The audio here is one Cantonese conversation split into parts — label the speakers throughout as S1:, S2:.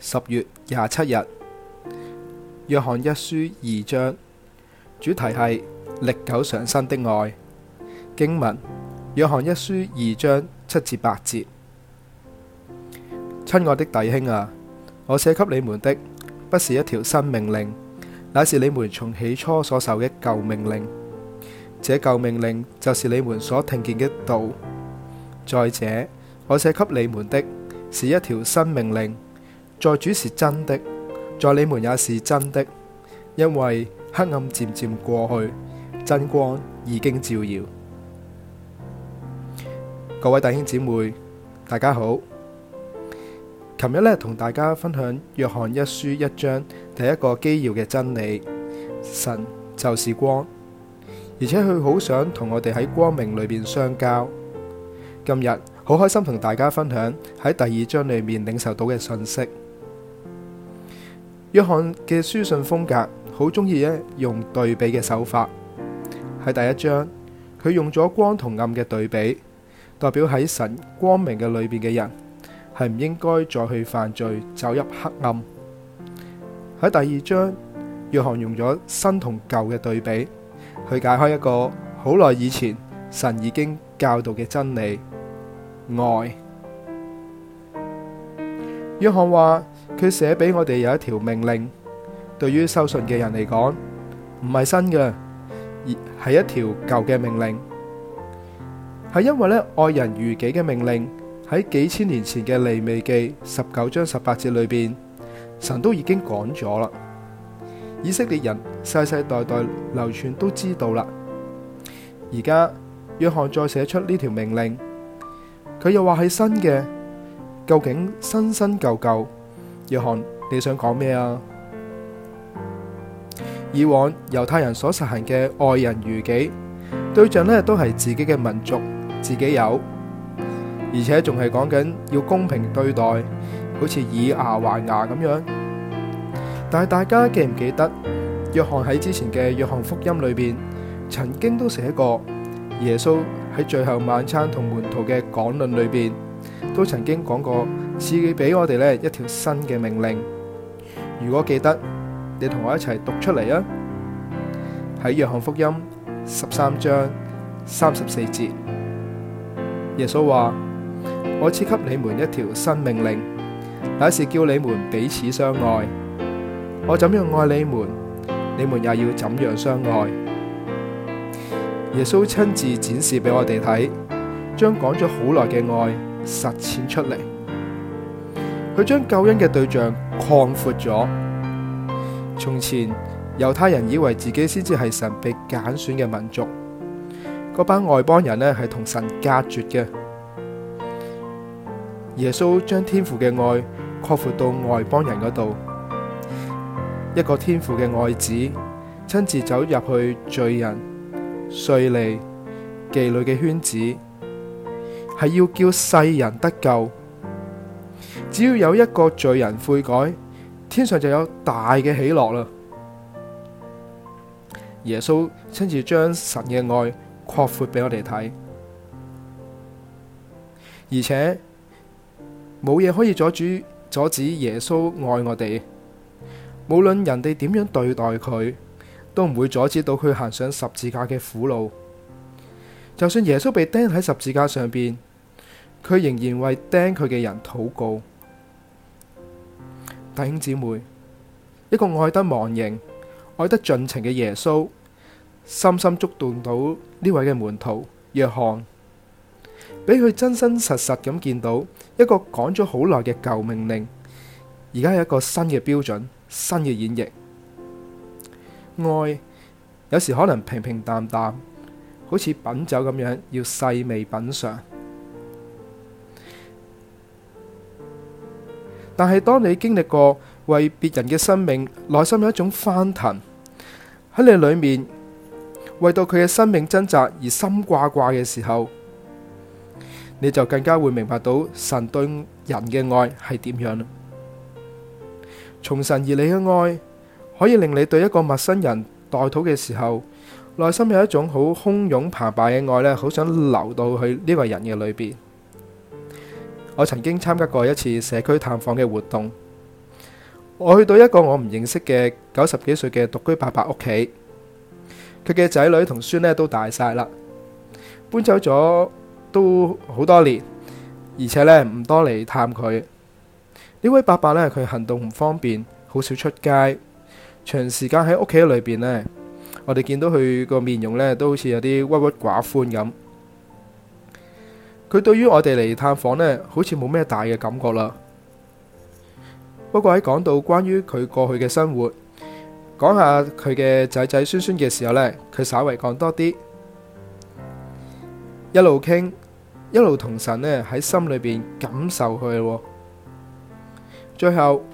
S1: 十月廿七日，約翰一書二章，主題係歷久常新的愛。經文。約翰一書二章七至八節。親愛的弟兄啊，我寫給你們的不是一條新命令，乃是你們從起初所受嘅舊命令。這舊命令就是你們所聽見嘅道。再者，我寫給你們的是一條新命令。在主是真的，在你們也是真的，因為黑暗漸漸過去，真光已經照耀。各位弟兄姊妹，大家好。琴日呢同大家分享約翰一書一章第一個基要嘅真理，神就是光，而且佢好想同我哋喺光明裏面相交。今日好開心同大家分享喺第二章裏面領受到嘅信息。約翰嘅書信風格好中意咧用對比嘅手法。喺第一章，佢用咗光同暗嘅對比，代表喺神光明嘅裏邊嘅人，係唔應該再去犯罪，走入黑暗。喺第二章，約翰用咗新同舊嘅對比，去解開一個好耐以前神已經教導嘅真理，愛。約翰話佢寫俾我哋有一條命令，對於受信嘅人嚟講，唔係新嘅，而係一條舊嘅命令。係因為呢愛人如己嘅命令喺幾千年前嘅利未記十九章十八節裏邊，神都已經講咗啦。以色列人世世代代流傳都知道啦。而家約翰再寫出呢條命令，佢又話係新嘅。究竟新新舊舊，約翰你想講咩啊？以往猶太人所實行嘅愛人如己，對象呢都係自己嘅民族，自己有，而且仲係講緊要公平對待，好似以牙還牙咁樣。但係大家記唔記得，約翰喺之前嘅約翰福音裏邊，曾經都寫過耶穌喺最後晚餐同門徒嘅講論裏邊。都曾經講過賜俾我哋呢一條新嘅命令，如果記得，你同我一齊讀出嚟啊！喺約翰福音十三章三十四節，耶穌話：我賜給你們一條新命令，乃是叫你們彼此相愛。我怎樣愛你們，你們也要怎樣相愛。耶穌親自展示俾我哋睇，將講咗好耐嘅愛。實踐出嚟，佢將救恩嘅對象擴闊咗。從前猶太人以為自己先至係神被揀選嘅民族，嗰班外邦人呢，係同神隔絕嘅。耶穌將天父嘅愛擴闊到外邦人嗰度，一個天父嘅愛子親自走入去罪人、稅吏、妓女嘅圈子。係要叫世人得救，只要有一個罪人悔改，天上就有大嘅喜樂啦。耶穌親自將神嘅愛擴闊俾我哋睇，而且冇嘢可以阻止阻止耶穌愛我哋，無論人哋點樣對待佢，都唔會阻止到佢行上十字架嘅苦路。就算耶穌被釘喺十字架上面。佢仍然為釘佢嘅人禱告，弟兄姊妹，一個愛得忘形、愛得盡情嘅耶穌，深深觸動到呢位嘅門徒約翰，俾佢真真實實咁見到一個講咗好耐嘅舊命令，而家有一個新嘅標準、新嘅演繹，愛有時可能平平淡淡，好似品酒咁樣，要細味品嘗。但係當你經歷過為別人嘅生命，內心有一種翻騰喺你裏面，為到佢嘅生命掙扎而心掛掛嘅時候，你就更加會明白到神對人嘅愛係點樣啦。從神而嚟嘅愛，可以令你對一個陌生人代禱嘅時候，內心有一種好洶湧澎湃嘅愛咧，好想流到去呢個人嘅裏邊。我曾經參加過一次社區探訪嘅活動，我去到一個我唔認識嘅九十幾歲嘅獨居伯伯屋企，佢嘅仔女同孫呢都大晒啦，搬走咗都好多年，而且呢唔多嚟探佢。呢位伯伯呢，佢行動唔方便，好少出街，長時間喺屋企裏邊呢，我哋見到佢個面容呢，都好似有啲鬱鬱寡歡咁。佢對於我哋嚟探訪呢，好似冇咩大嘅感覺啦。不過喺講到關於佢過去嘅生活，講下佢嘅仔仔孫孫嘅時候呢，佢稍微講多啲，一路傾，一路同神呢喺心裏邊感受佢。最後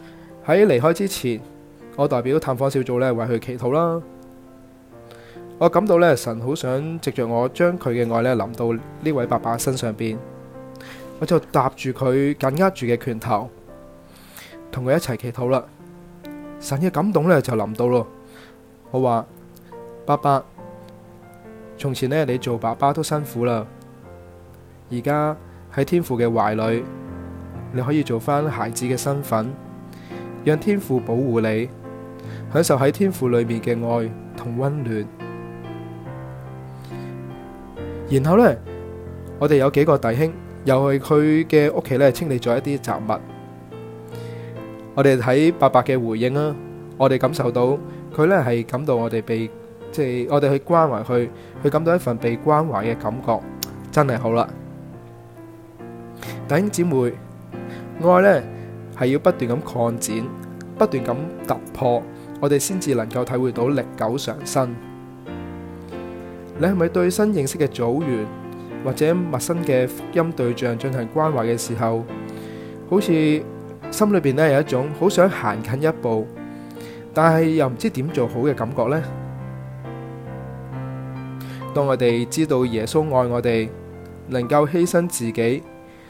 S1: 喺離開之前，我代表探訪小組呢，為佢祈禱啦。我感到呢，神好想藉着我將佢嘅愛呢臨到呢位爸爸身上邊，我就搭住佢緊握住嘅拳頭，同佢一齊祈禱啦。神嘅感動呢，就臨到咯。我話爸爸，從前呢，你做爸爸都辛苦啦，而家喺天父嘅懷裏，你可以做返孩子嘅身份，讓天父保護你，享受喺天父裏面嘅愛同溫暖。然後呢，我哋有幾個弟兄又去佢嘅屋企呢，清理咗一啲雜物。我哋睇伯伯嘅回應啊，我哋感受到佢呢係感到我哋被，即係我哋去關懷佢，佢感到一份被關懷嘅感覺，真係好啦。弟兄姊妹，愛呢係要不斷咁擴展，不斷咁突破，我哋先至能夠體會到歷久常新。你係咪對新認識嘅組員或者陌生嘅福音對象進行關懷嘅時候，好似心裏邊呢有一種好想行近一步，但係又唔知點做好嘅感覺呢？當我哋知道耶穌愛我哋，能夠犧牲自己，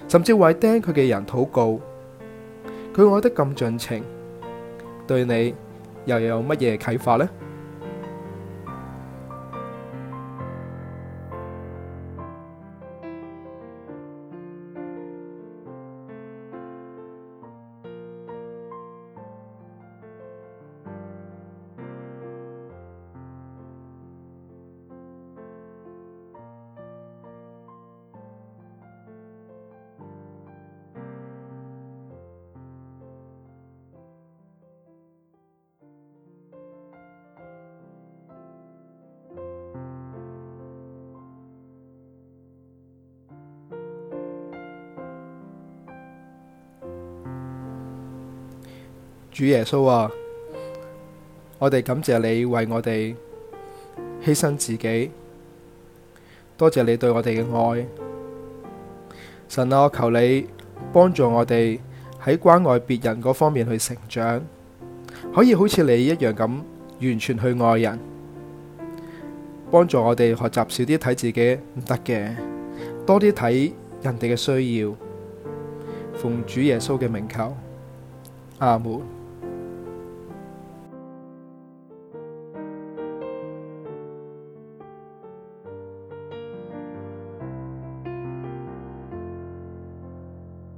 S1: 甚至為釘佢嘅人禱告，佢愛得咁盡情，對你又有乜嘢啟發呢？主耶穌啊，我哋感謝你為我哋犧牲自己，多謝你對我哋嘅愛。神啊，我求你幫助我哋喺關愛別人嗰方面去成長，可以好似你一樣咁完全去愛人，幫助我哋學習少啲睇自己唔得嘅，多啲睇人哋嘅需要。奉主耶穌嘅名求，阿門。